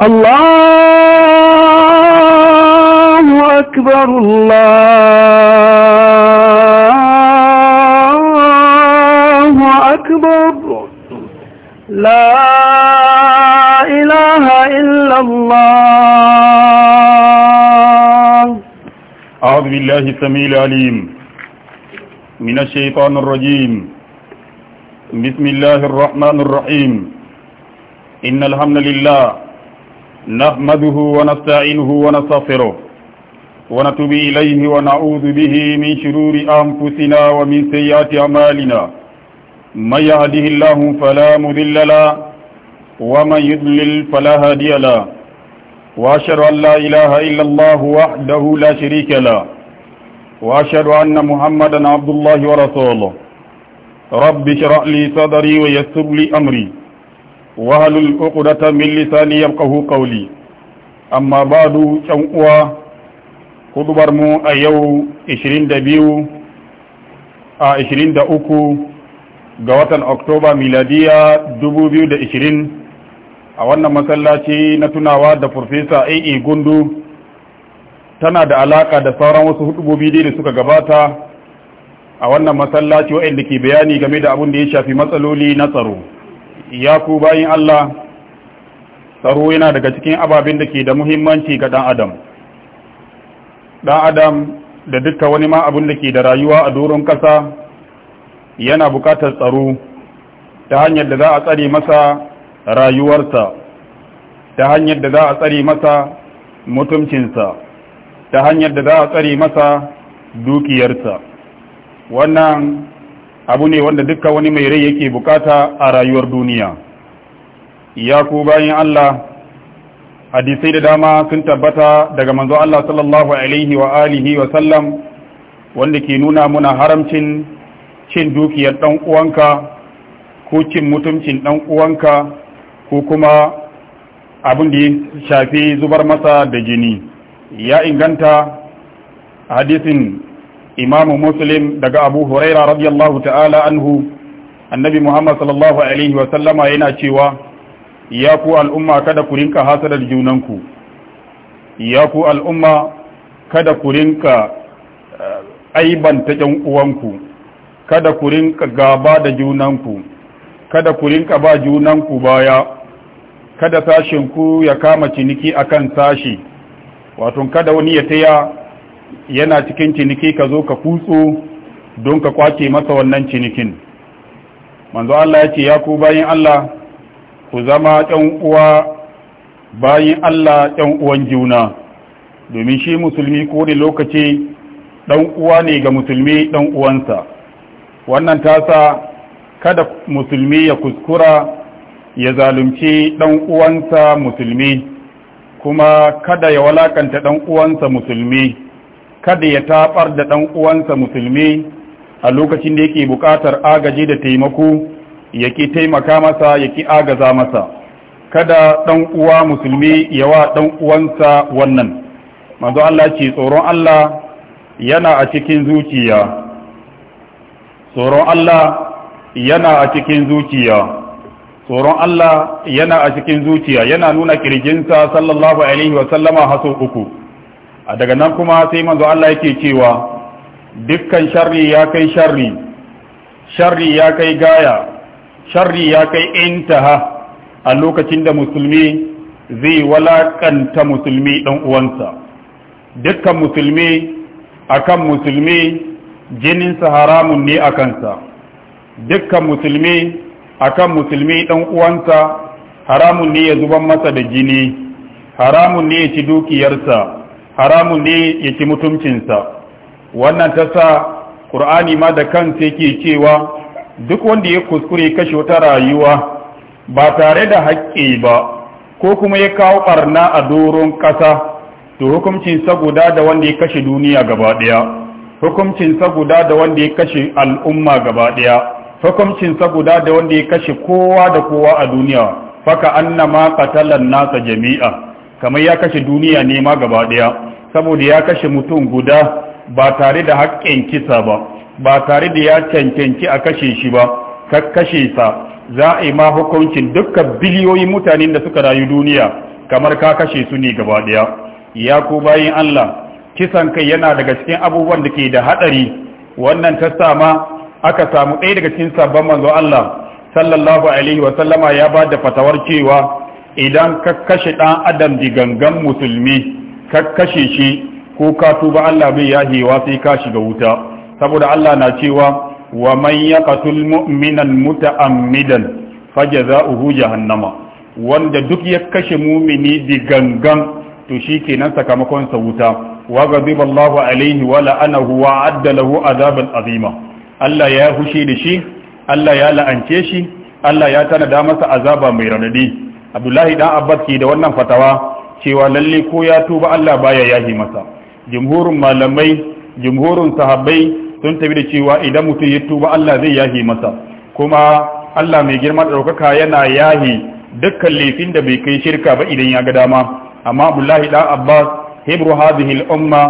الله أكبر الله أكبر لا إله إلا الله أعوذ بالله السميع العليم من الشيطان الرجيم بسم الله الرحمن الرحيم إن الحمد لله نحمده ونستعينه ونستغفره ونتوب إليه ونعوذ به من شرور أنفسنا ومن سيئات أعمالنا من يهده الله فلا مذل له ومن يضلل فلا هادي له وأشهد أن لا إله إلا الله وحده لا شريك له وأشهد أن محمدا عبد الله ورسوله رب اشرح لي صدري ويسر لي أمري wahalul uqdata min lisani yafqahu qawli amma badu can uwa hudubar a yau 22 a 23 ga watan Oktoba miladiya 2020 a wannan masallaci na tunawa da Profesa A.E. Gundu tana da alaka da sauran wasu hudubobi da suka gabata a wannan masallaci waɗanda ke bayani game da abin da ya shafi matsaloli na tsaro. ya ku bayin Allah tsaro yana daga cikin ababen da ke da muhimmanci ga ɗan adam ɗan adam da duka wani ma abin da ke da rayuwa a doron ƙasa yana buƙatar tsaro ta hanyar da za a tsare masa rayuwarsa ta hanyar da za a tsare masa mutumcinsa, ta hanyar da za a tsare masa dukiyarsa wannan abu ne wanda duka wani mai rai yake bukata a rayuwar duniya ya ku bayan Allah hadisai da dama sun tabbata daga manzo Allah sallallahu alaihi wa alihi wa sallam wanda ke nuna muna haramcin cin dukiyar dan uwanka ko cin mutuncin dan uwanka ko kuma abin da ya shafi zubar masa da jini ya inganta hadisin imamu muslim daga abu huraira radiyallahu ta'ala anhu annabi muhammad sallallahu alaihi wa sallama yana cewa ya ku al'umma kada ku rinka hasadar junanku ya al'umma kada ku rinka eh, aibanta ƴan uwanku kada ku rinka gaba da junanku kada ku rinka ba junanku baya kada sashinku ya kama ciniki akan sashi wato kada wani ya taya yana cikin ciniki ka zo ka kutso don ka kwace masa wannan cinikin manzo Allah ya ce ya ku bayin Allah ku zama ɗan uwa bayin Allah ɗan uwan juna domin shi musulmi ko da lokaci ɗan uwa ne ga musulmi ɗan uwansa wannan ta sa kada musulmi ya kuskura ya zalunci ɗan uwansa musulmi kuma kada ya walakanta ɗan uwansa musulmi kada ya taɓar da ɗan uwansa musulmi a lokacin da yake buƙatar agaji da taimako yake taimaka masa yake agaza masa kada ɗan uwa musulmi yawa ɗan uwansa wannan manzo Allah ce tsoron Allah yana a cikin zuciya tsoron Allah yana a cikin zuciya tsoron Allah yana a cikin zuciya yana nuna kirjinsa sallallahu alaihi wa sallama haso uku a daga nan kuma sai manzo Allah yake cewa dukkan sharri ya kai sharri sharri ya kai gaya sharri ya kai intaha a lokacin da musulmi zai walakanta musulmi dan uwansa dukkan musulmi akan musulmi jininsa haramun ne a kansa dukkan musulmi akan musulmi dan uwansa haramun ne ya zuban masa da jini haramun ne ya ci dukiyarsa haramun ne ya ci mutuncinsa wannan ta sa ƙur'ani ma da kansa yake cewa duk wanda ya kuskure kashe wata rayuwa ba tare da haƙƙi ba ko kuma ya kawo ɓarna a doron ƙasa to hukuncinsa guda da wanda ya kashe duniya gaba ɗaya hukuncinsa guda da wanda ya kashe al'umma gaba ɗaya hukuncinsa guda da wanda ya kashe kowa da kowa a duniya faka annama qatalan nasa jami'a kamar ya kashe duniya ne ma gaba daya saboda ya kashe mutum guda ba tare da haƙƙin kisa ba ba tare da ya cancanci a kashe shi ba ka kashe sa za a yi ma hukuncin dukkan biliyoyin mutanen da suka rayu duniya kamar ka kashe su ne gaba daya ya ku bayin Allah kisan kai yana daga cikin abubuwan da ke da hadari wannan ta sama aka samu ɗaya daga cikin sabon manzo Allah sallallahu alaihi wa sallama ya ba da fatawar cewa idan ka kashe ɗan adam digangan musulmi ka kashe shi ko ka tuba Allah bai yahewa sai ka shiga wuta saboda Allah na cewa wa man yaqtul mu'minan muta'ammidan fajaza'uhu jahannama wanda duk ya kashe mumini digangan to shikenan sakamakon sa wuta wa ghadiba Allahu alaihi wa la'anahu wa adda lahu azaban azima Allah ya hushi da shi Allah ya la'ance shi Allah ya tanada masa azaba mai ranadi abdullahi dan abbas ke da wannan fatawa cewa lalle ko ya tuba Allah baya yahi masa jumhurin malamai jumhurin sahabbai sun tafi da cewa idan mutum ya tuba Allah zai yahi masa kuma Allah mai girma ɗaukaka yana yahi dukkan laifin da bai kai shirka ba idan ya ga dama amma abdullahi dan abbas hebru hadhihi al-umma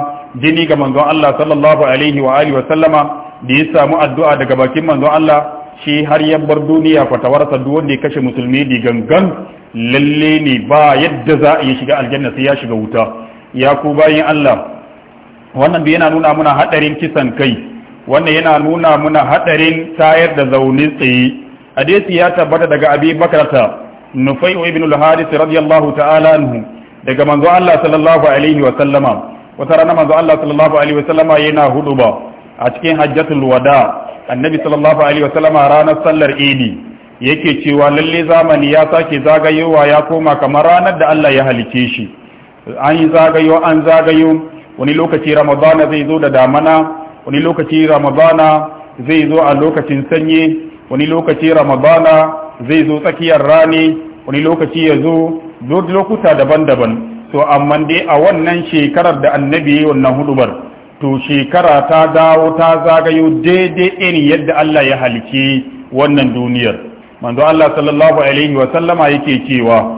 jini ga manzon Allah sallallahu alaihi wa alihi wa sallama da ya samu addu'a daga bakin manzon Allah shi har ya bar duniya fatawarsa duk wanda ya kashe musulmi di gangan lalle ne ba yadda za a iya shiga aljanna sai ya shiga wuta ya ku bayin Allah wannan da yana nuna muna hadarin kisan kai wannan yana nuna muna hadarin tayar da zaune tsaye hadisi ya tabbata daga Abi Bakrata Nufai ibn al-Harith radiyallahu ta'ala anhu daga manzo Allah sallallahu alaihi wa sallama wata rana manzo Allah sallallahu alaihi wa sallama yana huduba a cikin hajjatul wada annabi sallallahu alaihi wa sallama ranar sallar idi yake cewa lalle zamani ya sake zagayowa ya koma kamar ranar da Allah ya halice shi an yi zagayo an zagayo wani lokaci ramadana zai zo da damana wani lokaci ramadana zai zo a lokacin sanyi wani lokaci ramadana zai zo tsakiyar rani wani lokaci ya zo lokuta daban-daban to amma dai a wannan shekarar da annabi wannan hudubar to shekara ta dawo ta zagayo daidai irin yadda Allah ya halice wannan duniyar manzo Allah sallallahu alaihi wa sallama yake cewa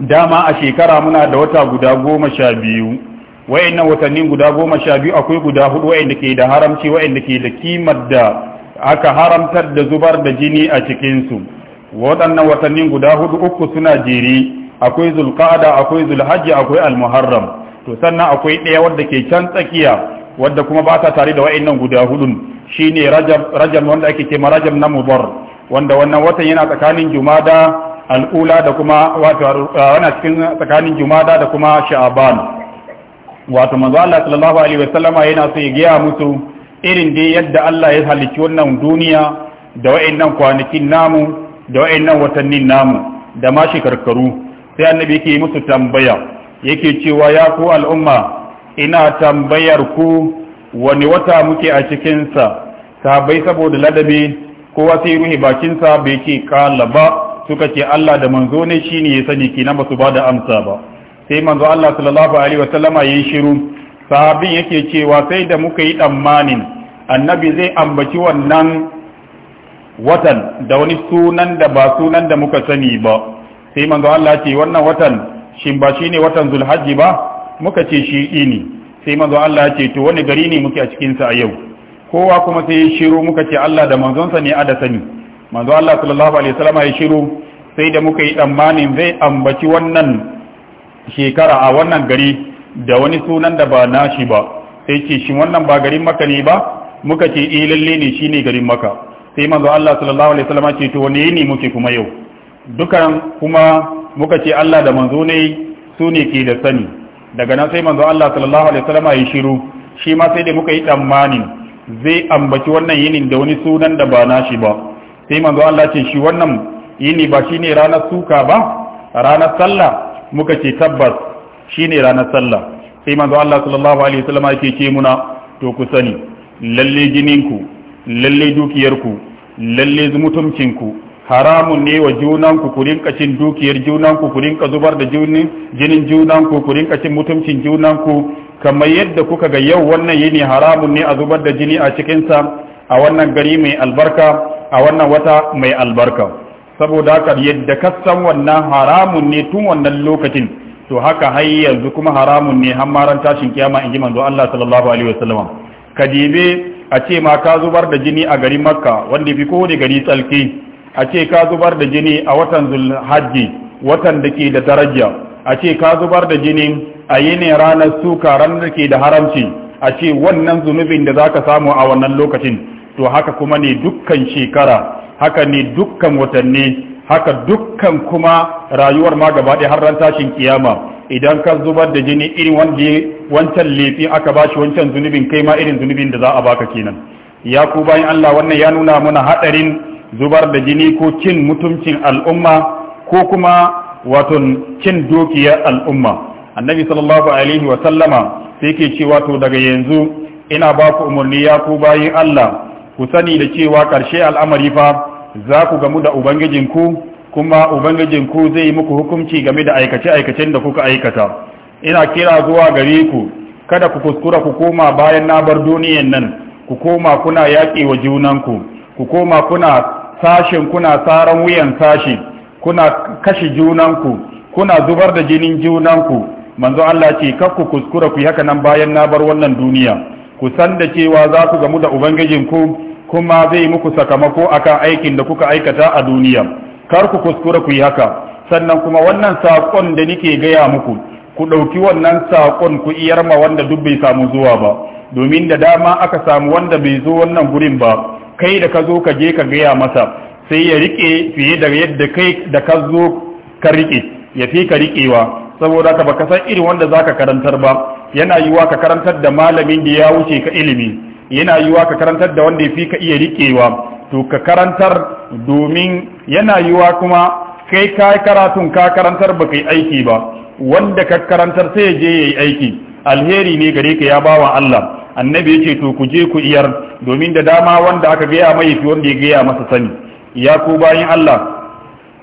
dama a shekara muna da wata guda goma sha biyu wa'annan watannin guda goma sha biyu akwai guda hudu wayanda ke da haramci wayanda ke da kimar da aka haramtar da zubar da jini a cikinsu waɗannan watannin guda hudu uku suna jere akwai zulqa'ada akwai zulhajji akwai almuharram to sannan akwai ɗaya wadda ke can tsakiya wadda kuma ba ta tare da wayannan guda hudun shine rajab rajab wanda ake ce rajab na mubarr wanda wannan watan yana tsakanin jumada al'ula da kuma wato wana cikin tsakanin jumada da kuma sha'aban wato manzo Allah sallallahu alaihi wasallama yana so ya gaya musu irin dai yadda Allah ya halicci wannan duniya da wa'annan kwanakin namu da wayannan watannin namu da ma karkaru. sai annabi yake musu tambaya yake cewa ya ku al'umma ina tambayar ku wani wata muke a cikinsa sabai saboda ladabi kowa sai ruhe bakinsa bai ce kala ba suka ce Allah da manzo ne shi ne ya sani kina ba su ba da amsa ba sai manzo Allah sallallahu alaihi wa sallama yayi shiru sahabin yake cewa sai da muka yi tsammanin annabi zai ambaci wannan watan da wani sunan da ba sunan da muka sani ba sai manzo Allah ce wannan watan shin ba shine watan Zulhajji ba muka ce shi ne sai manzo Allah ce to wani gari ne muke a cikin sa a yau kowa kuma sai ya shiru muka ce Allah da manzonsa ne ada sani manzo Allah sallallahu alaihi wasallam ya shiru sai da muka yi tsammanin zai ambaci wannan shekara a wannan gari da wani sunan da ba nashi ba sai ce shi wannan ba garin maka ne ba muka ce eh lalle ne shine garin maka sai manzo Allah sallallahu alaihi wasallam ce to wani ne muke kuma yau dukan kuma muka ce Allah da manzo ne su ne ke da sani daga nan sai manzo Allah sallallahu alaihi wasallam ya shiru shi ma sai da muka yi tsammanin zai ambaci wannan yini da wani sunan da ba na shi ba sai manzo Allah ce shi wannan yini ba shine ranar suka ba ranar sallah muka ce tabbas shine ranar sallah sai manzo Allah sallallahu alaihi wasallam yake ce muna to ku sani lalle jininku lalle dukiyarku lalle mutuncinku haramun ne wa junanku ku rinka cin dukiyar junanku ku rinka zubar da jinin junanku ku rinka cin mutuncin junanku kamar yadda kuka ga yau wannan yini haramun ne a zubar da jini a cikinsa a wannan gari mai albarka a wannan wata mai albarka saboda haka yadda ka san wannan haramun ne tun wannan lokacin to haka har yanzu kuma haramun ne har maran tashin kiyama in ji manzo Allah sallallahu alaihi wasallam ka a ce ma ka zubar da jini a garin Makka wanda fi da gari tsalki a ce ka zubar da jini a watan hajji watan da ke da daraja a ce ka zubar da jini a yi ne ranar suka ranar da ke da haramci a ce wannan zunubin da za ka samu a wannan lokacin to haka kuma ne dukkan shekara haka ne dukkan watanni haka dukkan kuma rayuwar ma gaba ɗaya har ran tashin kiyama idan ka zubar da jini irin wanda wancan lefi aka bashi wancan zunubin kai ma irin zunubin da za a baka kenan ya ku bayan Allah wannan ya nuna mana hadarin zubar da jini ko cin mutuncin al'umma ko kuma wato cin dukiyar al'umma annabi sallallahu alaihi wa sallama sai ke ce wato daga yanzu ina ba ku umarni ya ku bayin Allah ku sani da cewa karshe al'amari fa za ku gamu da ubangijin ku kuma ubangijin ku zai muku hukunci game da aikace-aikacen da kuka aikata ina kira zuwa gare ku kada ku kuskura ku koma bayan na bar duniyan nan ku koma kuna yaƙi wa junanku ku koma kuna sashen, kuna saran wuyan sashi kuna kashe junanku kuna zubar da jinin junanku manzo Allah ce kar ku kuskura ku yi haka nan bayan na bar wannan duniya ku san da cewa za ku gamu da Ubangijin ku kuma zai muku sakamako akan aikin da kuka aikata a duniya kar ku kuskura ku yi haka sannan kuma wannan sakon da nike gaya muku ku ɗauki wannan sakon ku iyar ma wanda duk bai samu zuwa ba domin da dama aka samu wanda bai zo wannan gurin ba kai da ka zo ka je ka gaya masa sai ya rike fiye da yadda kai da ka zo ka rike ya fi ka rikewa saboda ka baka san irin wanda zaka karantar ba yana yiwa ka karantar da malamin da ya wuce ka ilimi yana yiwa ka karantar da wanda ya fi ka iya rikewa to ka karantar domin yana yiwa kuma kai ka karatun ka karantar ba kai aiki ba wanda ka karantar sai ya je ya yi aiki alheri ne gare ka ya bawa Allah annabi yace to ku je ku iyar domin da dama wanda aka gaya mai fi wanda ya gaya masa sani ya ku bayan Allah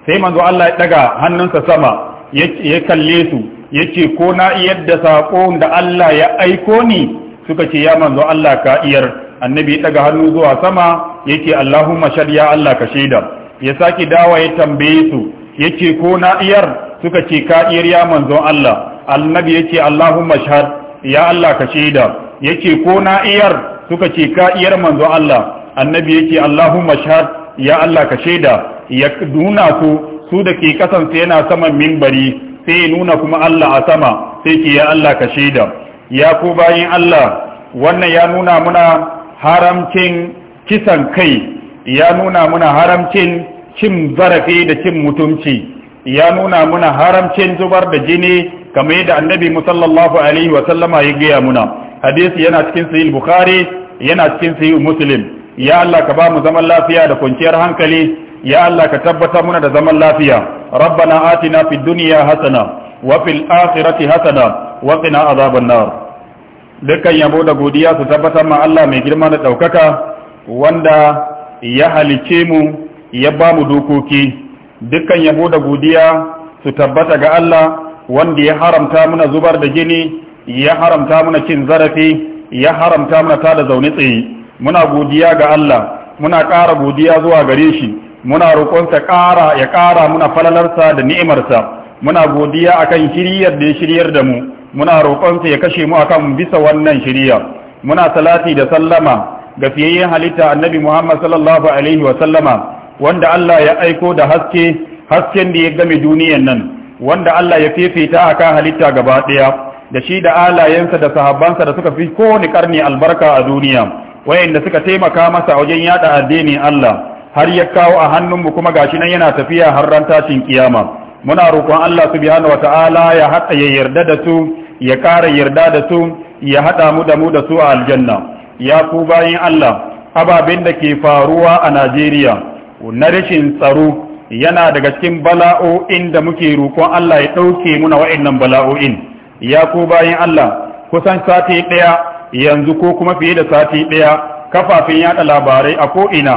sai manzo Allah ya daga hannunsa sama ya kalle su yace ko na iyar da saƙo da Allah ya aiko ni suka ce ya manzo Allah ka iyar annabi ya daga hannu zuwa sama yake Allahumma shad ya Allah ka shaida ya sake dawa ya tambaye su yace ko na iyar suka ce ka iyar ya manzo Allah annabi yace Allahumma shahad ya Allah ka shaida yake ko na iyar suka ce ka iyar manzo Allah annabi yake Allahumma shahad ya Allah ka shaida ya nuna ku su da ke kasance yana saman minbari sai ya nuna kuma Allah a sama sai ke ya Allah ka shaida ya ku bayin Allah wannan ya nuna muna haramcin kisan kai ya nuna muna haramcin cin zarafi da cin mutunci ya nuna muna haramcin zubar da jini kamar yadda annabi musallallahu alaihi wa sallama ya gaya muna hadisi yana cikin sahih bukhari yana cikin sahih muslim ya Allah ka ba mu zaman lafiya da kwanciyar hankali ya Allah ka tabbatar muna da zaman lafiya rabbana atina fid dunya hasana wa fil akhirati hasana wa qina azaban nar dukkan yabo da godiya su tabbatar ma Allah mai girma da daukaka wanda ya halice mu ya ba mu dokoki dukkan yabo da godiya su tabbata ga Allah wanda ya haramta muna zubar da jini ya haramta muna cin zarafi ya haramta mana tada zaune tsaye muna godiya ga Allah muna ƙara godiya zuwa gare shi muna roƙonsa ƙara ya ƙara muna falalarsa da ni'imarsa muna godiya akan shiryar da ya shiryar da mu muna roƙonsa ya kashe mu akan bisa wannan shirya. muna salati da sallama ga fiyayyen halitta annabi Muhammad sallallahu alaihi wa sallama wanda Allah ya aiko da haske hasken da ya game duniyar nan wanda Allah ya fefeta akan halitta gaba ɗaya da shi da alayensa da sahabbansa da suka fi kowane karni albarka a duniya wayanda suka taimaka masa wajen yada addinin Allah har ya kawo a hannunmu kuma gashi nan yana tafiya har ran tashin kiyama muna roƙon Allah subhanahu wataala ya hada ya yarda da su ya ƙara yarda da su ya hada mu da mu da su a aljanna ya ku bayin Allah ababen da ke faruwa a Najeriya na rashin tsaro yana daga cikin bala'o'in da muke roƙon Allah ya ɗauke muna wa'annan bala'o'in ya ko bayan Allah kusan sati ɗaya yanzu ko kuma fiye da sati ɗaya kafafen yada labarai a ko'ina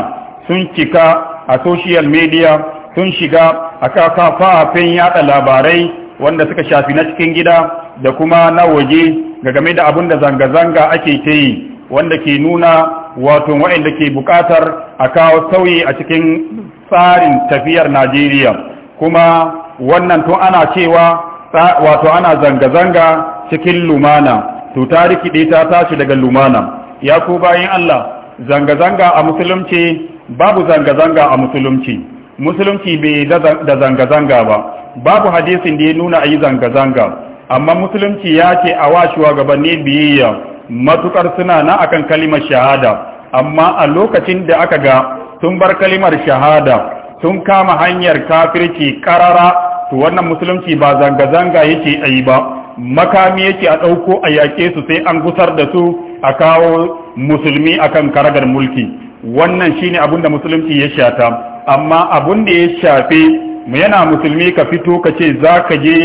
sun cika a social media sun shiga a kafafen yada labarai wanda suka shafi na cikin gida da kuma na waje ga game da abin da zanga-zanga ake ta yi wanda ke nuna wato wa'inda ke buƙatar a kawo sauyi a cikin tsarin tafiyar Najeriya kuma wannan tun ana cewa wato ana zanga-zanga cikin lumana to ta rikide ta tashi daga lumana ya ku bayan Allah zanga-zanga a musulunci babu zanga-zanga a musulunci musulunci bai da zanga-zanga ba babu hadisin da ya nuna ayi zanga-zanga amma musulunci ya ce a wa shugabanni biyayya matukar suna na akan kalimar shahada amma a lokacin da aka ga sun bar kalimar shahada sun kama hanyar kafirci karara to wannan musulunci ba zanga-zanga yake a yi ba makami yake a ɗauko a yaƙe su sai an gusar da su a kawo musulmi akan karagar mulki wannan shine ne musulunci ya shata amma abin da ya shafe mu yana musulmi ka fito ka ce za ka je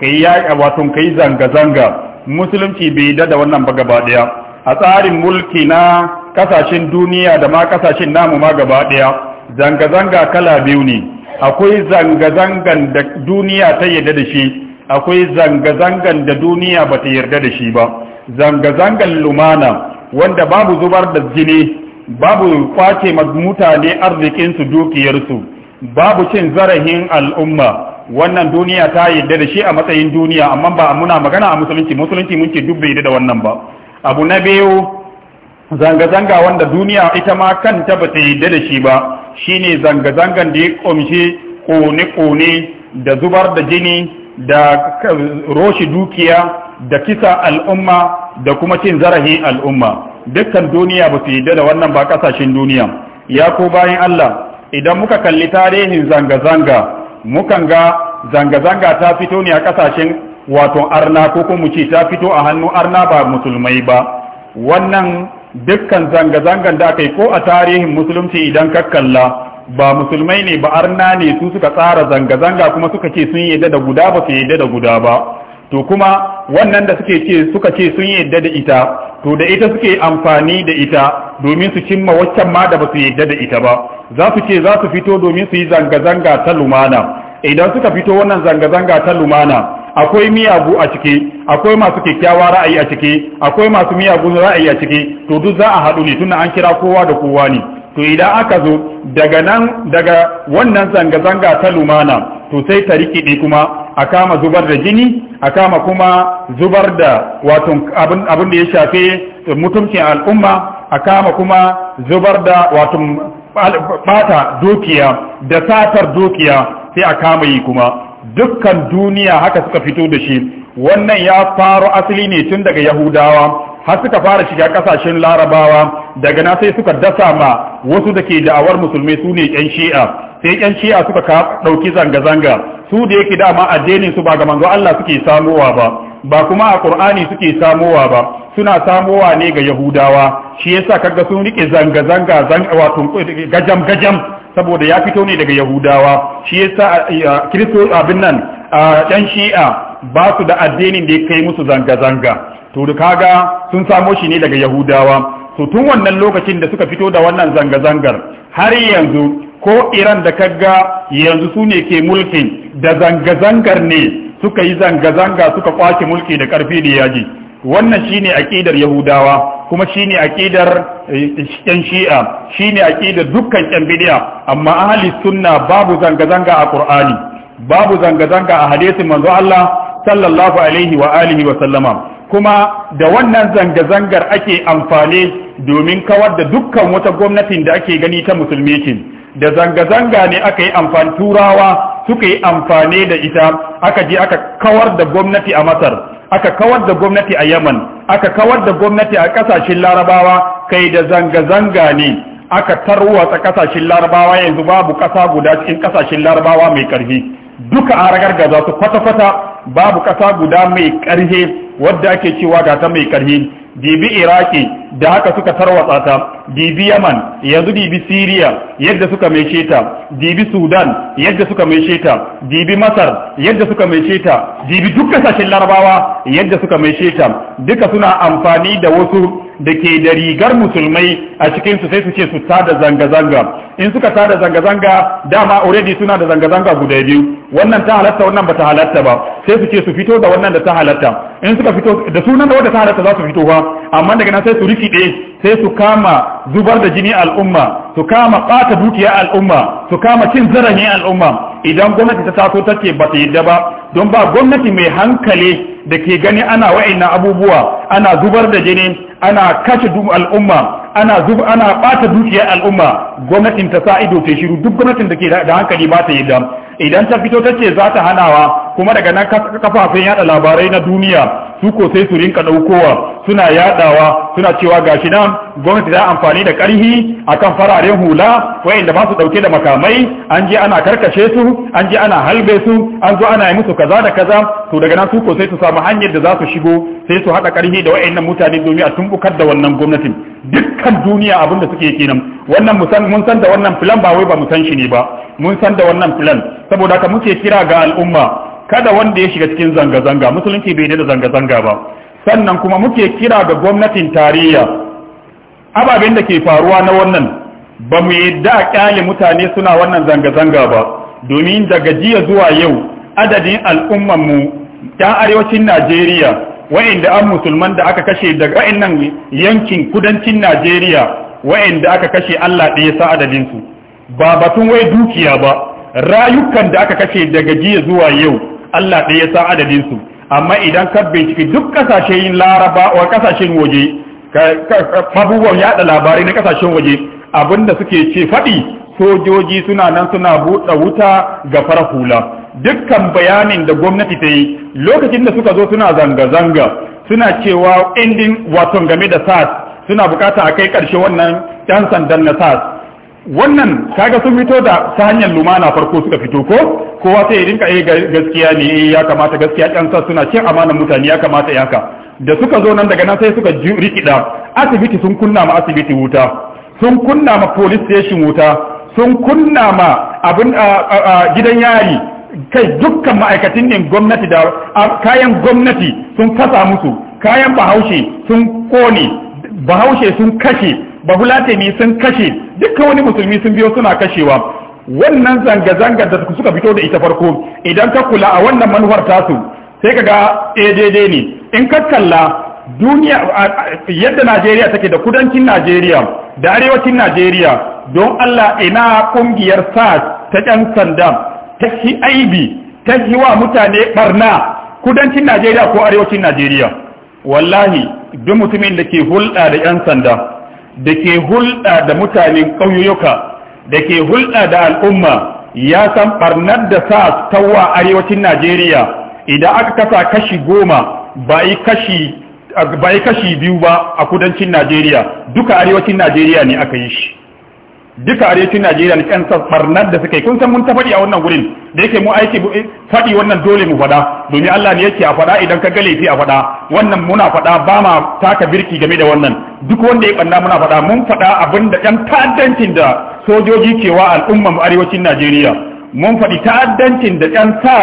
ka yi yaƙi wato ka yi zanga-zanga musulunci bai da da wannan ba gaba ɗaya a tsarin mulki na kasashen duniya da ma kasashen namu ma gaba ɗaya zanga-zanga kala biyu ne akwai zanga-zangan da duniya ta yarda da shi akwai zanga-zangan da duniya ba ta yarda da shi ba zanga-zangan lumana wanda babu zubar da jini babu kwace mutane arzikinsu dukiyarsu babu cin zarahin al'umma wannan duniya ta yarda da shi a matsayin duniya amma ba muna magana a musulunci musulunci mun ce duk bai da wannan ba abu na biyu zanga-zanga wanda duniya ita ma kanta ba ta yarda da shi ba shine zanga-zangan da ya ƙunshi ƙone-ƙone da zubar da jini da roshi dukiya da kisa al'umma da kuma cin zarahin al'umma dukkan duniya ba su yi da wannan ba ƙasashen duniya ya ko bayan Allah idan muka kalli tarihin zanga-zanga mukan ga zanga-zanga ta fito ne a ƙasashen wato arna ko kuma ce ta fito a hannun arna ba musulmai ba wannan dukkan zanga-zangan da aka yi ko a tarihin musulunci idan ka kalla ba musulmai ne ba arna ne su suka tsara zanga-zanga kuma suka ce sun yadda da guda ba su yadda da guda ba to kuma wannan da suke ce suka ce sun yadda da ita to da ita suke amfani da ita domin su cimma waccan ma da ba su yadda da ita ba za su ce za su fito domin su yi zanga-zanga ta lumana idan suka fito wannan zanga-zanga ta lumana akwai miyagu a ciki akwai masu kyakkyawa ra'ayi a ciki akwai masu miyagun ra'ayi a ciki to duk za a haɗu ne tunda an kira kowa da kowa ne to idan aka zo daga nan daga wannan zanga-zanga ta lumana to sai ta rikide kuma a kama zubar da jini a kama kuma zubar da wato abin da ya shafe mutuncin al'umma a kama kuma zubar da wato bata dukiya da satar dukiya sai a kama yi kuma dukkan duniya haka suka fito da shi wannan ya faro asali ne tun daga yahudawa har suka fara shiga kasashen larabawa daga na sai suka dasa ma wasu da ke da'awar musulmai su ne yan shi'a sai yan shi'a suka ɗauki zanga-zanga su da yake dama addinin su ba ga manzo Allah suke samowa ba ba kuma a Qur'ani suke samowa ba suna samowa ne ga Yahudawa shi yasa kaga sun rike zanga-zanga zanga wato gajam gajam saboda ya fito ne daga yahudawa shi ya yasa eh, eh, kiristo abin nan ɗan eh, shi'a ba su da addinin da ya kai musu zanga-zanga to da kaga sun samo shi ne daga yahudawa to tun wannan lokacin da suka fito da wannan zanga-zangar har yanzu ko iran da kaga yanzu su ne ke mulkin da zanga-zangar ne suka yi zanga-zanga suka kwace mulki da karfi da yaji wannan shine aƙidar yahudawa kuma shi a ƙidar eh, yan shi'a shi shine ƙidar dukkan yan bid'a amma ahli sunna babu zanga zanga a ƙur'ani babu zanga zanga a hadisin manzo Allah sallallahu alaihi wa alihi wa sallama kuma da wannan zanga zangar ake amfani domin kawar da dukkan wata gwamnatin da ake gani ta musulmi da zanga zanga ne aka yi amfani turawa suka yi amfani da ita aka je aka kawar da gwamnati a Masar aka kawar da gwamnati a yaman aka kawar da gwamnati a ƙasashen larabawa kai da zanga-zanga ne aka tarwatsa ƙasashen larabawa yanzu babu ƙasa guda cikin ƙasashen larabawa mai ƙarfi duka a ragargaza su kwata-kwata babu ƙasa guda mai ƙarfi wadda ake cewa gata mai ƙarfi. dibi iraki da haka suka tarwatsa ta dibi yaman yanzu dibi siriya yadda suka maishe ta dibi sudan yadda suka maishe ta dibi masar yadda suka maishe ta dibi duk sashen larabawa yadda suka maishe ta duka suna amfani da wasu da ke da rigar musulmai a cikin su sai su ce su tada zanga-zanga in suka tada zanga-zanga dama already suna da zanga-zanga guda biyu wannan ta halatta wannan bata halatta ba sai su ce su fito da wannan da ta halatta in suka fito da sunan da wanda ta halatta za su fito ba amma daga nan sai su rikide sai su kama zubar da jini al'umma su kama ɓata dukiya al'umma su kama cin zarafin al'umma idan gwamnati ta taso take ce ba ta yadda ba don ba gwamnati mai hankali da ke gani ana wa'ina abubuwa ana zubar da jini ana kashe al'umma ana zub ana ɓata dukiyar al'umma gwamnatin ta sa ido ta shiru duk gwamnatin da ke da hankali ba ta yadda idan ta fito ta ce za ta hanawa kuma daga nan kafafen yada labarai na duniya su ko sai su rinka daukowa suna yadawa suna cewa gashi nan gwamnati ta amfani da karhi akan fararen hula wayanda ba su dauke da makamai an je ana karkashe su an je ana halbe su an zo ana yi musu kaza da kaza to daga nan su ko sai su samu hanyar da za su shigo sai su hada karhi da wayannan mutane domin a tumbukar da wannan gwamnatin dukkan duniya abin da suke kenan wannan mun san da wannan filan ba wai ba mu san shi ne ba mun san da wannan filan saboda haka muke kira ga al'umma kada wanda ya shiga cikin zanga-zanga musulunci bai da zanga-zanga ba sannan kuma muke kira ga gwamnatin tarayya ababen da ke faruwa na wannan ba mu yadda a kyale mutane suna wannan zanga-zanga ba domin daga jiya zuwa yau adadin al'umman mu ta arewacin najeriya wa'inda an musulman da aka kashe daga wa'innan yankin kudancin najeriya wa'inda aka kashe allah ɗaya sa su ba batun wai dukiya ba rayukan da aka kashe daga jiya zuwa yau Allah ɗaya ya san adadin su amma idan ka binciki duk kasashen laraba wa kasashen waje abubuwan yada labarai na kasashen waje da suke ce faɗi sojoji suna nan suna buɗe wuta ga farahula dukkan bayanin da gwamnati ta yi lokacin da suka zo suna zanga-zanga suna cewa indin wato game da sas suna bukata a kai ƙarshe wannan 'yan sandan na sas wannan kaga sun fito da ta hanyar lumana farko suka fito ko kowa sai ya rinka eh gaskiya ne eh, ya kamata gaskiya ɗan sa suna cin amanar mutane ya kamata yaka da suka zo nan daga nan sai suka rikida asibiti sun kunna ma asibiti wuta sun kunna ma police station wuta sun kunna ma abin gidan yari kai dukkan ma'aikatan ne gwamnati da kayan gwamnati sun kasa musu kayan bahaushe sun kone bahaushe sun kashe bafulatani sun kashe dukkan wani musulmi sun biyo suna kashewa wannan zanga zangar da suka fito da ita farko idan ka kula a wannan manufar tasu sai ka ga eh, daidai ne in ka kalla duniya yadda Najeriya take da kudancin Najeriya da arewacin Najeriya don Allah ina kungiyar SARS ta yan sanda ta shi aibi ta shi wa mutane barna kudancin Najeriya ko arewacin Najeriya wallahi duk mutumin da ke hulɗa da yan sanda da ke hulɗa da mutanen ƙauyuka da ke hulɗa da al'umma ya san ɓarnar da sa tawa arewacin najeriya idan aka kasa kashi goma ba yi kashi biyu ba a kudancin najeriya duka arewacin najeriya ne aka yi shi duka arewacin Najeriya ne kansa barnar da suka yi kun san mun ta faɗi a wannan gurin da yake mu aiki eh, faɗi wannan dole mu faɗa domin Allah ne yake a faɗa idan ka gale fi a faɗa wannan muna faɗa ba ma taka birki game da wannan duk wanda ya banna muna faɗa mun faɗa abin da ɗan ta'addancin da sojoji cewa al'umma arewacin Najeriya mun faɗi ta'addancin da ɗan sa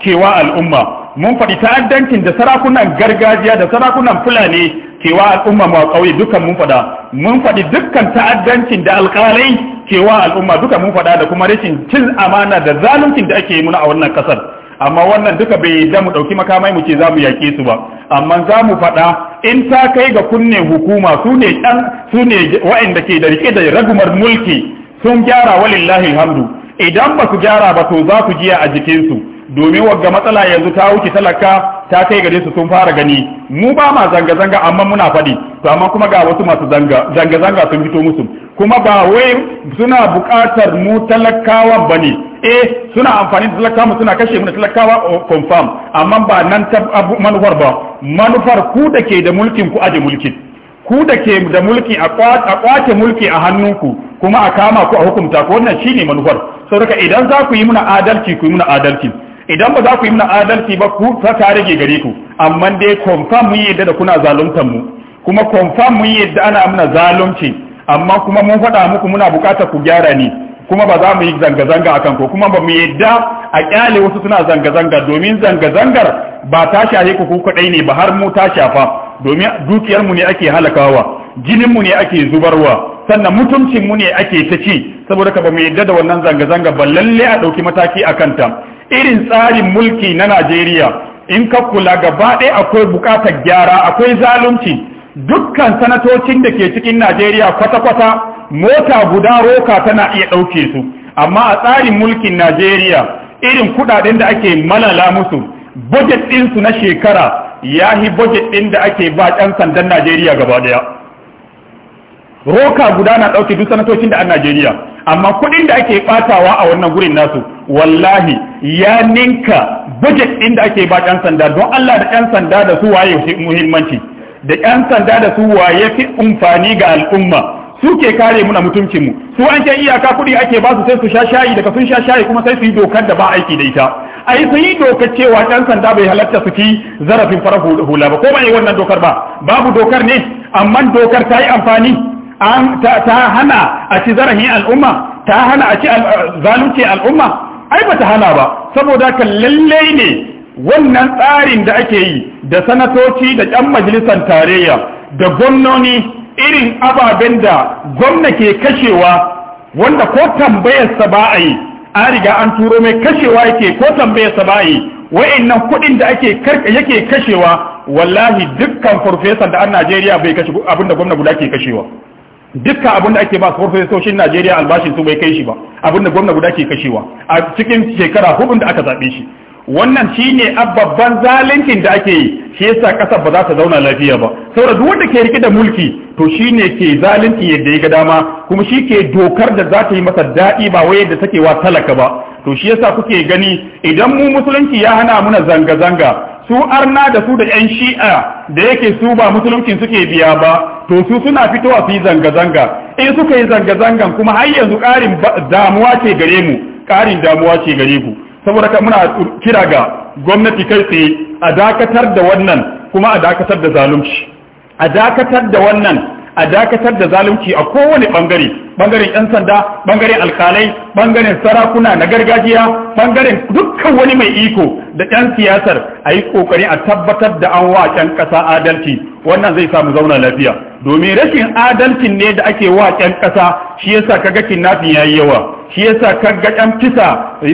cewa al'umma mun faɗi ta'addancin da sarakunan gargajiya da sarakunan fulani cewa al'umma ma ƙauye dukan mun faɗa mun faɗi dukkan ta'addancin da alƙalai cewa al'umma dukan mun faɗa da kuma rashin cin amana da zaluncin da ake yi muna a wannan ƙasar amma wannan duka bai da mu ɗauki makamai mu ce za mu yaƙe su ba amma za mu faɗa in ta kai ga kunne hukuma su ne ɗan su ne ke da riƙe da ragumar mulki sun gyara walillahi hamdu idan ba su gyara ba to za ku jiya a jikinsu domin wagga matsala yanzu ta wuce talaka ta kai gare su sun fara gani mu ba ma zanga zanga amma muna faɗi to amma kuma ga wasu masu zanga zanga zanga sun fito musu kuma ba wai suna buƙatar mu talakawan bane eh suna amfani da talakawa suna kashe mu talakawa confirm amma ba nan ta manufar ba manufar ku da ke da mulkin ku aje mulkin ku da ke da mulki a kwace mulki a hannunku kuma a kama ku a hukunta ku wannan shine manufar saboda idan za ku yi muna adalci ku yi muna adalci idan ba za ku yi mana adalci ba ku ta ta rage gare ku amma dai confirm mun yadda da kuna zaluntar mu kuma confirm mun yadda ana mana zalunci amma kuma mun faɗa muku muna buƙatar ku gyara ni kuma ba za mu yi zanga-zanga akan ko kuma ba mu yadda a kyale wasu suna zanga-zanga domin zanga-zangar ba ta shahe ku ku kadai ne ba har mu ta shafa domin dukiyarmu ne ake halakawa jininmu mu ne ake zubarwa sannan mutuncin mu ne ake ta ci saboda ka ba mu yadda da wannan zanga-zanga ba lalle a ɗauki mataki akan ta irin tsarin mulki na Najeriya in ka kula gaba ɗaya akwai buƙatar gyara akwai zalunci dukkan sanatocin da ke cikin Najeriya kwata-kwata mota guda roka tana iya ɗauke su amma a tsarin mulkin Najeriya irin kuɗaɗen da ake malala musu budget ɗinsu na shekara ya yi budget ɗin da ake ba ɗan sandan Najeriya gaba ɗaya roka guda na ɗauke duk sanatocin da a Najeriya amma kuɗin da ake ɓatawa a wannan gurin nasu wallahi ya ninka budget ɗin da ake ba ƴan sanda don Allah da ƴan sanda da su waye muhimmanci da ƴan sanda da su waye fi amfani ga al'umma su ke kare muna mutuncin mu su an ke iyaka kuɗi ake ba su sai su sha shayi daga sun sha shayi kuma sai su yi dokar da ba aiki da ita ai su yi dokar cewa ɗan sanda bai halatta su ki zarafin farar hula ba ko ba yi wannan dokar ba babu dokar ne amma dokar ta yi amfani ta hana a ci zarafin al'umma ta hana a ci zalunci al'umma ai ba ta hana ba saboda ka lallai ne wannan tsarin da ake yi da sanatoci da ƴan majalisar tarayya da gwamnoni irin ababen da gwamna ke kashewa wanda ko tambayarsa ba a yi an riga an turo mai kashewa yake ko tambayarsa ba a yi wa'annan kuɗin da ake yake kashewa wallahi dukkan farfesa da an Najeriya bai kashe abinda gwamna guda ke kashewa dukkan abin da ake ba su farfesoshin Najeriya albashin su bai kai shi ba abin da gwamna guda ke kashewa a cikin shekara hudun da aka zaɓe shi wannan shine babban zaluncin da ake yi shi yasa ƙasar ba za ta zauna lafiya ba saboda duk wanda ke rike da mulki to shine ke zalunci yadda ya ga dama kuma shi ke dokar da za ta yi masa daɗi ba wai yadda take wa talaka ba to shi yasa kuke gani idan mu musulunci ya hana muna zanga-zanga su arna da su da yan shi'a da yake su ba musulunci suke biya ba to su suna fitowa su yi zanga-zanga in suka yi zanga-zangan kuma har yanzu ƙarin damuwa ce gare mu ƙarin damuwa ce gare ku saboda ka muna kira ga gwamnati kai tsaye a dakatar da wannan kuma a dakatar da zalunci a dakatar da wannan a dakatar da zalunci a kowane bangare bangaren yan sanda bangaren alkalai bangaren sarakuna na gargajiya bangaren dukkan wani mai iko da yan siyasar a yi kokari a tabbatar da an wa ƙasa adalci wannan zai samu zauna lafiya domin rashin adalcin ne da ake wa ƙyan ƙasa shi yasa kaga kinnafin yayi yawa shi yasa kaga ƴan fisa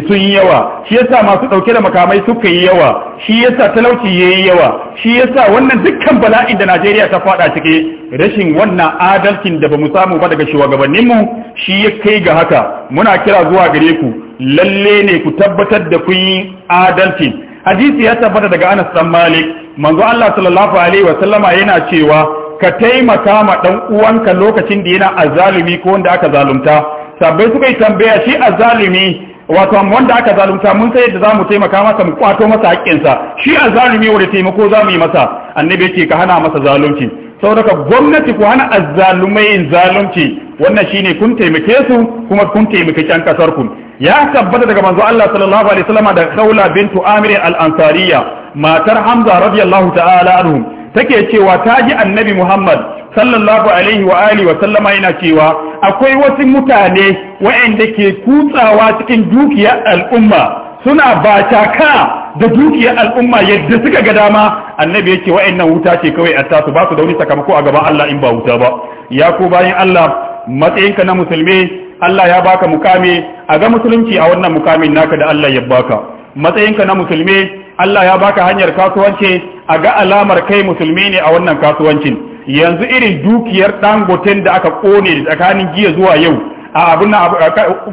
sun yi yawa shi yasa masu ɗauke da makamai suka yi yawa shi yasa talauci yayi yawa shi yasa wannan dukkan bala'in da Najeriya ta faɗa cike rashin wannan adalcin da bamu samu ba daga shugabannin mu shi ya kai ga haka muna kira zuwa gare ku lalle ne ku tabbatar da kun yi adalcin. hadisi ya tabbata daga Anas dan Malik manzo Allah sallallahu alaihi wa sallama yana cewa ka taimaka ma dan uwanka lokacin da yana azalumi ko wanda aka zalunta sabai suka yi tambaya shi azalumi wato wanda aka zalunta mun sai yadda zamu taimaka masa mu kwato masa haƙƙinsa shi azalumi wanda taimako zamu yi masa annabi yake ka hana masa zalunci saboda gwamnati ku hana azzalumai zalunci wannan shine kun taimake su kuma kun taimake can kasar ku ya tabbata daga manzo Allah sallallahu alaihi wasallam da Khawla bintu Amir al-Ansariya matar Hamza radiyallahu ta'ala anhu take cewa ta ji annabi Muhammad sallallahu alaihi wa alihi wa sallama yana cewa akwai wasu mutane waɗanda ke kutsawa cikin dukiyar al'umma suna bataka da dukiyar al'umma yadda suka ga dama annabi yake wa'annan wuta ce kawai a tasu ba su da wani sakamako a gaban Allah in ba wuta ba ya ko bayan Allah matsayinka na musulmi Allah ya baka mukami a ga musulunci a wannan mukamin naka da Allah ya baka matsayinka na musulmi Allah ya baka hanyar kasuwanci a ga alamar kai musulmi ne a wannan kasuwancin yanzu irin dukiyar dangoten da aka kone tsakanin giya zuwa yau a abin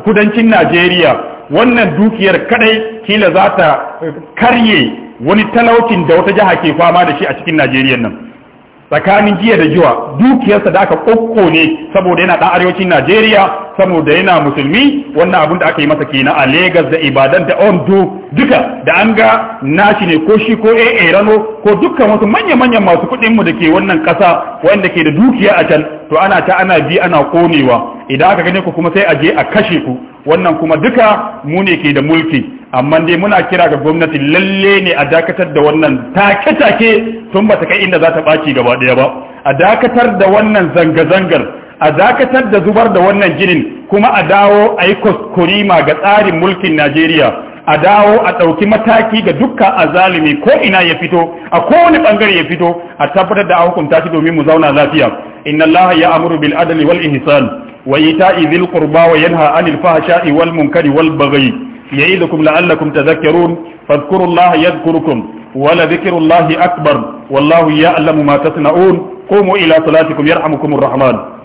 kudancin Najeriya wannan dukiyar kadai kila za ta karye wani talaucin da wata jiha ke fama da shi a cikin Najeriya nan tsakanin jiya da jiwa dukiyarsa da aka kokko ne saboda yana ɗan arewacin Najeriya saboda yana musulmi wannan abin da aka yi masa kenan a Lagos da Ibadan da Ondo duka da an ga nashi ne ko shi ko AA rano ko dukkan wasu manya-manyan masu kuɗin mu da ke wannan ƙasa wanda ke da dukiya a can to ana ta ana bi ana konewa idan aka gane ku kuma sai a je a kashe ku wannan kuma duka mu ne ke da mulki amma dai muna kira ga gwamnati lalle ne a dakatar da wannan take-take tun ba ta kai inda za ta ɓaci gaba ɗaya ba a dakatar da wannan zanga-zangar a dakatar da zubar da wannan jinin kuma a dawo a yi kuskurima ga tsarin mulkin najeriya a dawo a ɗauki mataki ga dukka azalimi ko ina ya fito a kowane ɓangare ya fito a tabbatar da a hukunta shi domin mu zauna lafiya inna allaha ya amuru bil adali wal ihsan wa ita'i dhil qurba wa yanha anil fahsha'i wal munkari wal baghi يعيدكم لعلكم تذكرون فاذكروا الله يذكركم ولذكر الله أكبر والله يعلم ما تصنعون قوموا إلى صلاتكم يرحمكم الرحمن